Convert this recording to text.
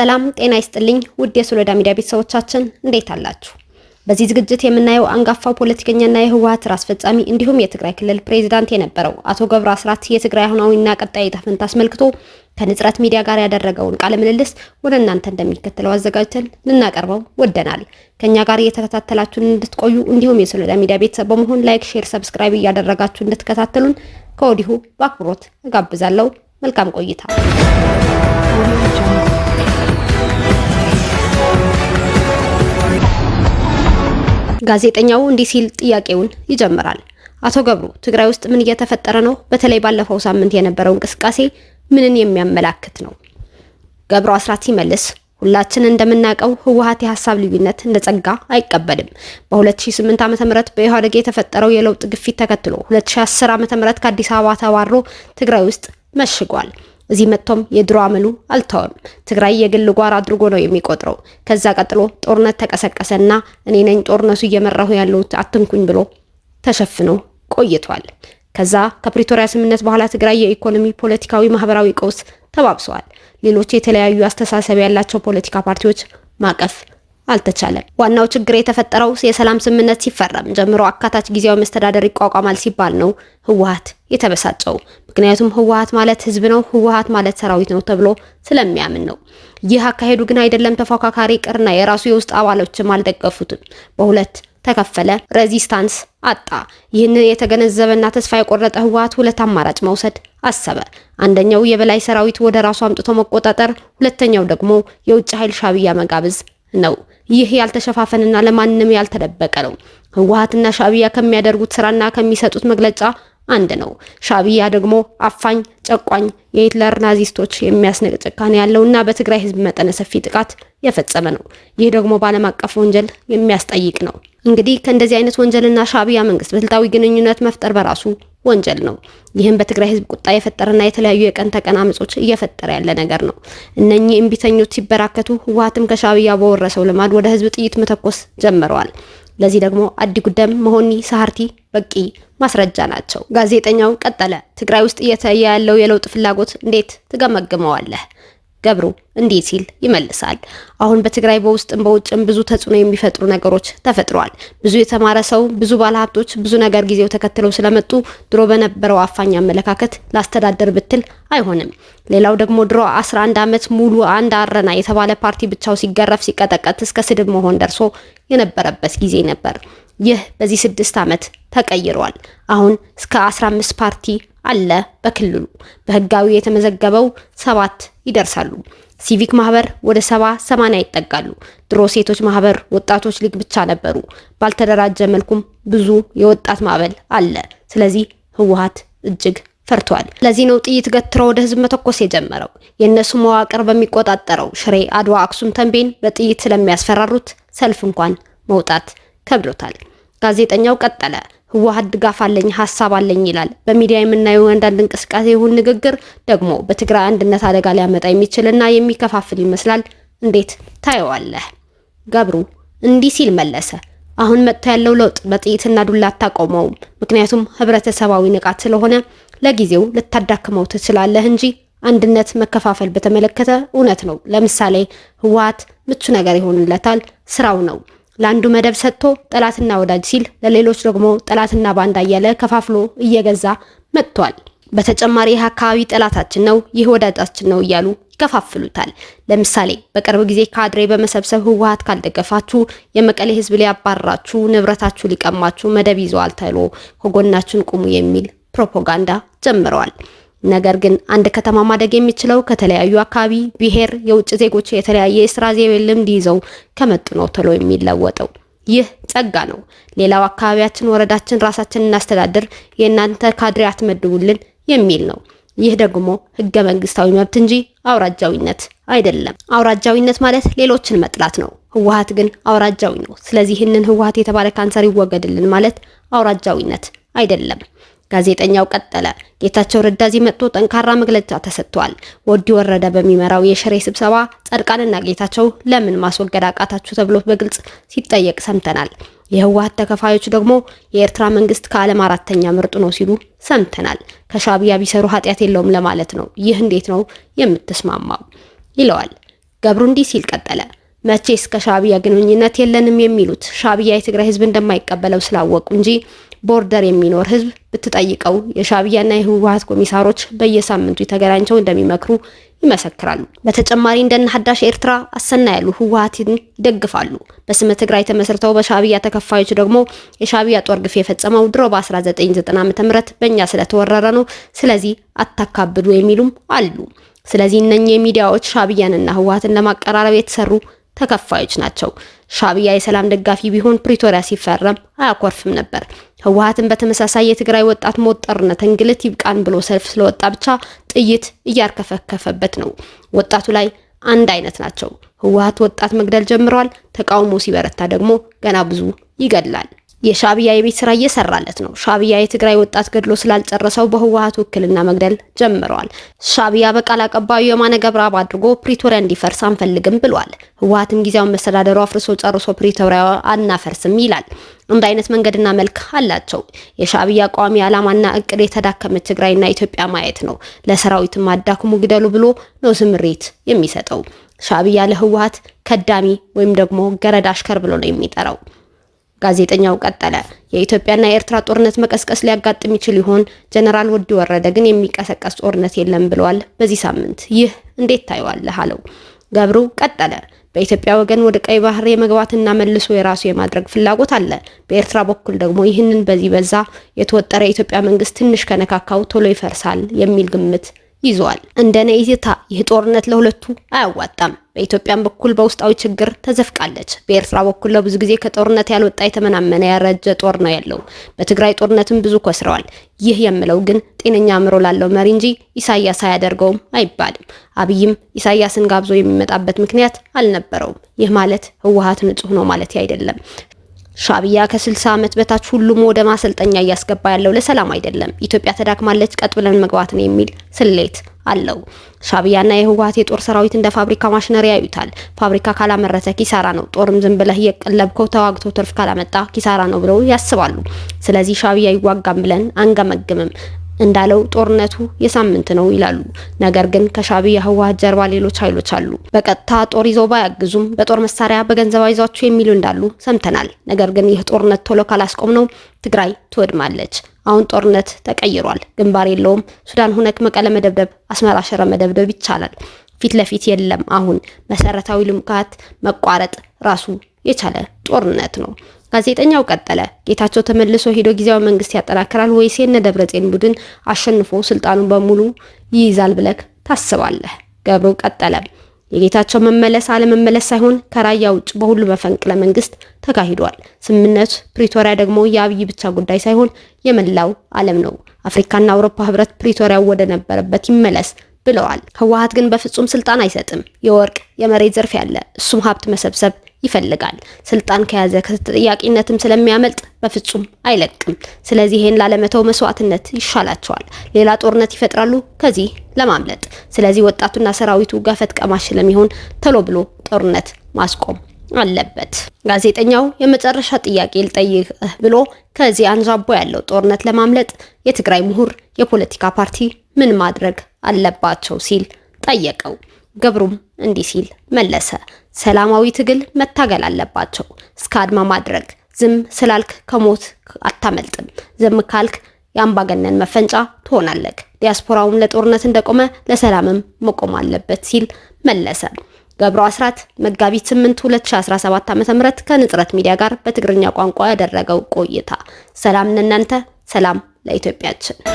ሰላም ጤና ይስጥልኝ ውድ የሶሎዳ ሚዲያ ቤተሰቦቻችን እንዴት አላችሁ? በዚህ ዝግጅት የምናየው አንጋፋው ፖለቲከኛና የህወሀት ስራ አስፈጻሚ እንዲሁም የትግራይ ክልል ፕሬዚዳንት የነበረው አቶ ገብሩ አስራት የትግራይ አሁናዊና ቀጣይ ዕጣ ፈንታ አስመልክቶ ከንጽረት ሚዲያ ጋር ያደረገውን ቃለ ምልልስ ወደ እናንተ እንደሚከተለው አዘጋጅተን ልናቀርበው ወደናል። ከእኛ ጋር እየተከታተላችሁን እንድትቆዩ እንዲሁም የሶሎዳ ሚዲያ ቤተሰብ በመሆን ላይክ፣ ሼር፣ ሰብስክራይብ እያደረጋችሁ እንድትከታተሉን ከወዲሁ በአክብሮት እጋብዛለሁ። መልካም ቆይታ ጋዜጠኛው እንዲህ ሲል ጥያቄውን ይጀምራል። አቶ ገብሩ ትግራይ ውስጥ ምን እየተፈጠረ ነው? በተለይ ባለፈው ሳምንት የነበረው እንቅስቃሴ ምንን የሚያመላክት ነው? ገብሩ አስራት ሲመልስ ሁላችን እንደምናውቀው ህወሀት የሀሳብ ልዩነት እንደ ጸጋ አይቀበልም። በ2008 ዓ.ም በኢህአዴግ የተፈጠረው የለውጥ ግፊት ተከትሎ 2010 ዓ.ም ከአዲስ አበባ ተባሮ ትግራይ ውስጥ መሽጓል። እዚህ መጥቶም የድሮ አመሉ አልተወም። ትግራይ የግል ጓር አድርጎ ነው የሚቆጥረው። ከዛ ቀጥሎ ጦርነት ተቀሰቀሰና እኔ ነኝ ጦርነቱ እየመራሁ ያለሁት አትንኩኝ ብሎ ተሸፍኖ ቆይቷል። ከዛ ከፕሪቶሪያ ስምምነት በኋላ ትግራይ የኢኮኖሚ ፖለቲካዊ፣ ማህበራዊ ቀውስ ተባብሰዋል። ሌሎች የተለያዩ አስተሳሰብ ያላቸው ፖለቲካ ፓርቲዎች ማቀፍ አልተቻለም። ዋናው ችግር የተፈጠረው የሰላም ስምምነት ሲፈረም ጀምሮ አካታች ጊዜያዊ መስተዳደር ይቋቋማል ሲባል ነው ህወሀት የተበሳጨው። ምክንያቱም ህወሀት ማለት ህዝብ ነው፣ ህወሀት ማለት ሰራዊት ነው ተብሎ ስለሚያምን ነው። ይህ አካሄዱ ግን አይደለም። ተፎካካሪ ቅርና የራሱ የውስጥ አባሎችም አልደገፉትም። በሁለት ተከፈለ፣ ሬዚስታንስ አጣ። ይህንን የተገነዘበና ተስፋ የቆረጠ ህወሀት ሁለት አማራጭ መውሰድ አሰበ። አንደኛው የበላይ ሰራዊት ወደ ራሱ አምጥቶ መቆጣጠር፣ ሁለተኛው ደግሞ የውጭ ኃይል ሻቢያ መጋበዝ ነው። ይህ ያልተሸፋፈንና ለማንም ያልተደበቀ ነው። ህወሀትና ሻዕቢያ ከሚያደርጉት ስራና ከሚሰጡት መግለጫ አንድ ነው። ሻዕቢያ ደግሞ አፋኝ፣ ጨቋኝ የሂትለር ናዚስቶች የሚያስንቅ ጭካኔ ያለውና በትግራይ ህዝብ መጠነ ሰፊ ጥቃት የፈጸመ ነው። ይህ ደግሞ በዓለም አቀፍ ወንጀል የሚያስጠይቅ ነው። እንግዲህ ከእንደዚህ አይነት ወንጀልና ሻዕቢያ መንግስት በስልታዊ ግንኙነት መፍጠር በራሱ ወንጀል ነው። ይህም በትግራይ ህዝብ ቁጣ የፈጠረና የተለያዩ የቀን ተቀን አመጾች እየፈጠረ ያለ ነገር ነው። እነኚህ እምቢተኞች ሲበራከቱ ህወሀትም ከሻዕቢያ በወረሰው ልማድ ወደ ህዝብ ጥይት መተኮስ ጀምረዋል። ለዚህ ደግሞ አዲ ጉደም መሆኒ ሳሀርቲ በቂ ማስረጃ ናቸው። ጋዜጠኛው ቀጠለ። ትግራይ ውስጥ እየታየ ያለው የለውጥ ፍላጎት እንዴት ትገመግመዋለህ? ገብሩ እንዲህ ሲል ይመልሳል። አሁን በትግራይ በውስጥም በውጭም ብዙ ተጽዕኖ የሚፈጥሩ ነገሮች ተፈጥሯል። ብዙ የተማረ ሰው፣ ብዙ ባለሀብቶች፣ ብዙ ነገር ጊዜው ተከትለው ስለመጡ ድሮ በነበረው አፋኝ አመለካከት ላስተዳደር ብትል አይሆንም። ሌላው ደግሞ ድሮ 11 ዓመት ሙሉ አንድ አረና የተባለ ፓርቲ ብቻው ሲገረፍ ሲቀጠቀጥ እስከ ስድብ መሆን ደርሶ የነበረበት ጊዜ ነበር። ይህ በዚህ ስድስት ዓመት ተቀይሯል። አሁን እስከ 15 ፓርቲ አለ በክልሉ በህጋዊ የተመዘገበው ሰባት ይደርሳሉ። ሲቪክ ማህበር ወደ ሰባ ሰማንያ ይጠጋሉ። ድሮ ሴቶች ማህበር፣ ወጣቶች ሊግ ብቻ ነበሩ። ባልተደራጀ መልኩም ብዙ የወጣት ማዕበል አለ። ስለዚህ ህወሀት እጅግ ፈርቷል። ለዚህ ነው ጥይት ገትሮ ወደ ህዝብ መተኮስ የጀመረው። የእነሱ መዋቅር በሚቆጣጠረው ሽሬ፣ አድዋ፣ አክሱም፣ ተንቤን በጥይት ስለሚያስፈራሩት ሰልፍ እንኳን መውጣት ከብዶታል። ጋዜጠኛው ቀጠለ። ህወሀት ድጋፍ አለኝ ሀሳብ አለኝ ይላል። በሚዲያ የምናየው አንዳንድ እንቅስቃሴ ይሁን ንግግር ደግሞ በትግራይ አንድነት አደጋ ሊያመጣ የሚችልና የሚከፋፍል ይመስላል። እንዴት ታየዋለህ? ገብሩ እንዲህ ሲል መለሰ። አሁን መጥቶ ያለው ለውጥ በጥይትና ዱላ አታቆመውም። ምክንያቱም ህብረተሰባዊ ንቃት ስለሆነ ለጊዜው ልታዳክመው ትችላለህ እንጂ አንድነት መከፋፈል በተመለከተ እውነት ነው። ለምሳሌ ህወሀት ምቹ ነገር ይሆንለታል፣ ስራው ነው። ለአንዱ መደብ ሰጥቶ ጠላትና ወዳጅ ሲል፣ ለሌሎች ደግሞ ጠላትና ባንዳ እያለ ከፋፍሎ እየገዛ መጥቷል። በተጨማሪ ይህ አካባቢ ጠላታችን ነው፣ ይህ ወዳጃችን ነው እያሉ ይከፋፍሉታል። ለምሳሌ በቅርብ ጊዜ ካድሬ በመሰብሰብ ህወሀት ካልደገፋችሁ የመቀሌ ህዝብ ሊያባራችሁ ንብረታችሁ ሊቀማችሁ መደብ ይዘዋል ተብሎ ከጎናችን ቁሙ የሚል ፕሮፓጋንዳ ጀምረዋል። ነገር ግን አንድ ከተማ ማደግ የሚችለው ከተለያዩ አካባቢ፣ ብሔር፣ የውጭ ዜጎች የተለያየ የስራ ዘቤ ልምድ ይዘው ከመጡ ነው ቶሎ የሚለወጠው። ይህ ጸጋ ነው። ሌላው አካባቢያችን፣ ወረዳችን ራሳችን እናስተዳድር፣ የእናንተ ካድሬ አትመድቡልን የሚል ነው። ይህ ደግሞ ህገ መንግስታዊ መብት እንጂ አውራጃዊነት አይደለም። አውራጃዊነት ማለት ሌሎችን መጥላት ነው። ህወሀት ግን አውራጃዊ ነው። ስለዚህ ይህንን ህወሀት የተባለ ካንሰር ይወገድልን ማለት አውራጃዊነት አይደለም። ጋዜጠኛው ቀጠለ። ጌታቸው ረዳ እዚህ መጥቶ ጠንካራ መግለጫ ተሰጥቷል። ወዲ ወረደ በሚመራው የሽሬ ስብሰባ ጻድቃንና ጌታቸው ለምን ማስወገድ አቃታችሁ ተብሎ በግልጽ ሲጠየቅ ሰምተናል። የህወሀት ተከፋዮች ደግሞ የኤርትራ መንግስት ከዓለም አራተኛ ምርጡ ነው ሲሉ ሰምተናል። ከሻቢያ ቢሰሩ ኃጢአት የለውም ለማለት ነው። ይህ እንዴት ነው የምትስማማው? ይለዋል ገብሩ እንዲህ ሲል ቀጠለ። መቼስ ከሻቢያ ግንኙነት የለንም የሚሉት ሻቢያ የትግራይ ህዝብ እንደማይቀበለው ስላወቁ እንጂ ቦርደር የሚኖር ህዝብ ብትጠይቀው የሻዕቢያና የህወሀት ኮሚሳሮች በየሳምንቱ ተገናኝተው እንደሚመክሩ ይመሰክራሉ። በተጨማሪ እንደነ ሀዳሽ ኤርትራ፣ አሰና ያሉ ህወሀትን ይደግፋሉ። በስመ ትግራይ ተመስርተው በሻቢያ ተከፋዮች ደግሞ የሻቢያ ጦር ግፍ የፈጸመው ድሮ በ1990 ዓ.ም በእኛ ስለተወረረ ነው፣ ስለዚህ አታካብዱ የሚሉም አሉ። ስለዚህ እነኚህ የሚዲያዎች ሻዕቢያንና ህወሀትን ለማቀራረብ የተሰሩ ተከፋዮች ናቸው። ሻቢያ የሰላም ደጋፊ ቢሆን ፕሪቶሪያ ሲፈረም አያኮርፍም ነበር። ህወሀትን በተመሳሳይ የትግራይ ወጣት ሞት፣ ጦርነት፣ እንግልት ይብቃን ብሎ ሰልፍ ስለወጣ ብቻ ጥይት እያርከፈከፈበት ነው። ወጣቱ ላይ አንድ አይነት ናቸው። ህወሀት ወጣት መግደል ጀምረዋል። ተቃውሞ ሲበረታ ደግሞ ገና ብዙ ይገድላል። የሻቢያ የቤት ስራ እየሰራለት ነው። ሻቢያ የትግራይ ወጣት ገድሎ ስላልጨረሰው በህወሀት ውክልና መግደል ጀምረዋል። ሻቢያ በቃል አቀባዩ የማነ ገብረአብ አድርጎ ፕሪቶሪያ እንዲፈርስ አንፈልግም ብሏል። ህወሀትም ጊዜያውን መስተዳደሩ አፍርሶ ጨርሶ ፕሪቶሪያ አናፈርስም ይላል። እንደ አይነት መንገድና መልክ አላቸው። የሻቢያ ቋሚ ዓላማና እቅድ የተዳከመች ትግራይና ኢትዮጵያ ማየት ነው። ለሰራዊትም አዳክሙ ግደሉ ብሎ ነው ስምሪት የሚሰጠው። ሻቢያ ለህወሀት ከዳሚ ወይም ደግሞ ገረድ አሽከር ብሎ ነው የሚጠራው። ጋዜጠኛው ቀጠለ። የኢትዮጵያና የኤርትራ ጦርነት መቀስቀስ ሊያጋጥም ይችል ይሆን? ጀነራል ወዲ ወረደ ግን የሚቀሰቀስ ጦርነት የለም ብለዋል በዚህ ሳምንት። ይህ እንዴት ታየዋለህ? አለው። ገብሩ ቀጠለ። በኢትዮጵያ ወገን ወደ ቀይ ባህር የመግባትና መልሶ የራሱ የማድረግ ፍላጎት አለ። በኤርትራ በኩል ደግሞ ይህንን በዚህ በዛ የተወጠረ የኢትዮጵያ መንግስት ትንሽ ከነካካው ቶሎ ይፈርሳል የሚል ግምት ይዘዋል። እንደ ናይጄታ ይህ ጦርነት ለሁለቱ አያዋጣም። በኢትዮጵያም በኩል በውስጣዊ ችግር ተዘፍቃለች። በኤርትራ በኩል ለብዙ ጊዜ ከጦርነት ያልወጣ የተመናመነ ያረጀ ጦር ነው ያለው። በትግራይ ጦርነትም ብዙ ኮስረዋል። ይህ የምለው ግን ጤነኛ አእምሮ ላለው መሪ እንጂ ኢሳያስ አያደርገውም አይባልም። አብይም ኢሳያስን ጋብዞ የሚመጣበት ምክንያት አልነበረውም። ይህ ማለት ህወሀት ንጹህ ነው ማለት አይደለም። ሻቢያ ከ60 ዓመት በታች ሁሉም ወደ ማሰልጠኛ እያስገባ ያለው ለሰላም አይደለም፣ ኢትዮጵያ ተዳክማለች፣ ቀጥ ብለን መግባት ነው የሚል ስሌት አለው። ሻዕቢያና የህወሀት የጦር ሰራዊት እንደ ፋብሪካ ማሽነሪ ያዩታል። ፋብሪካ ካላመረተ ኪሳራ ነው፣ ጦርም ዝም ብለህ የቀለብከው ተዋግቶ ትርፍ ካላመጣ ኪሳራ ነው ብለው ያስባሉ። ስለዚህ ሻቢያ ይዋጋም ብለን አንገመግምም፣ እንዳለው ጦርነቱ የሳምንት ነው ይላሉ። ነገር ግን ከሻዕቢያ ህወሓት ጀርባ ሌሎች ኃይሎች አሉ። በቀጥታ ጦር ይዘው ባያግዙም በጦር መሳሪያ በገንዘብ አይዟችሁ የሚሉ እንዳሉ ሰምተናል። ነገር ግን ይህ ጦርነት ቶሎ ካላስቆም ነው ትግራይ ትወድማለች። አሁን ጦርነት ተቀይሯል። ግንባር የለውም። ሱዳን ሁነክ መቀለ መደብደብ፣ አስመራ ሽረ መደብደብ ይቻላል። ፊት ለፊት የለም። አሁን መሰረታዊ ልምካት መቋረጥ ራሱ የቻለ ጦርነት ነው። ጋዜጠኛው ቀጠለ። ጌታቸው ተመልሶ ሄዶ ጊዜያዊ መንግስት ያጠናክራል ወይስ የነ ደብረጽዮን ቡድን አሸንፎ ስልጣኑን በሙሉ ይይዛል ብለክ ታስባለህ? ገብሩ ቀጠለ። የጌታቸው መመለስ አለመመለስ ሳይሆን ከራያ ውጭ በሁሉ መፈንቅለ መንግስት ተካሂዷል። ስምምነቱ ፕሪቶሪያ ደግሞ የአብይ ብቻ ጉዳይ ሳይሆን የመላው ዓለም ነው። አፍሪካና አውሮፓ ህብረት ፕሪቶሪያው ወደ ነበረበት ይመለስ ብለዋል። ህወሓት ግን በፍጹም ስልጣን አይሰጥም። የወርቅ የመሬት ዘርፍ ያለ እሱም ሀብት መሰብሰብ ይፈልጋል። ስልጣን ከያዘ ከተጠያቂነትም ስለሚያመልጥ በፍጹም አይለቅም። ስለዚህ ይህን ላለመተው መስዋዕትነት ይሻላቸዋል። ሌላ ጦርነት ይፈጥራሉ ከዚህ ለማምለጥ። ስለዚህ ወጣቱና ሰራዊቱ ገፈት ቀማሽ ስለሚሆን ቶሎ ብሎ ጦርነት ማስቆም አለበት። ጋዜጠኛው የመጨረሻ ጥያቄ ልጠይቅህ ብሎ ከዚህ አንዣቦ ያለው ጦርነት ለማምለጥ የትግራይ ምሁር የፖለቲካ ፓርቲ ምን ማድረግ አለባቸው ሲል ጠየቀው። ገብሩም እንዲህ ሲል መለሰ። ሰላማዊ ትግል መታገል አለባቸው። እስከ አድማ ማድረግ ዝም ስላልክ ከሞት አታመልጥም። ዝም ካልክ የአምባገነን መፈንጫ ትሆናለህ። ዲያስፖራውም ለጦርነት እንደቆመ ለሰላምም መቆም አለበት ሲል መለሰ። ገብሩ አስራት መጋቢት 8 2017 ዓ.ም ከንጽረት ሚዲያ ጋር በትግርኛ ቋንቋ ያደረገው ቆይታ። ሰላም ለእናንተ፣ ሰላም ለኢትዮጵያችን።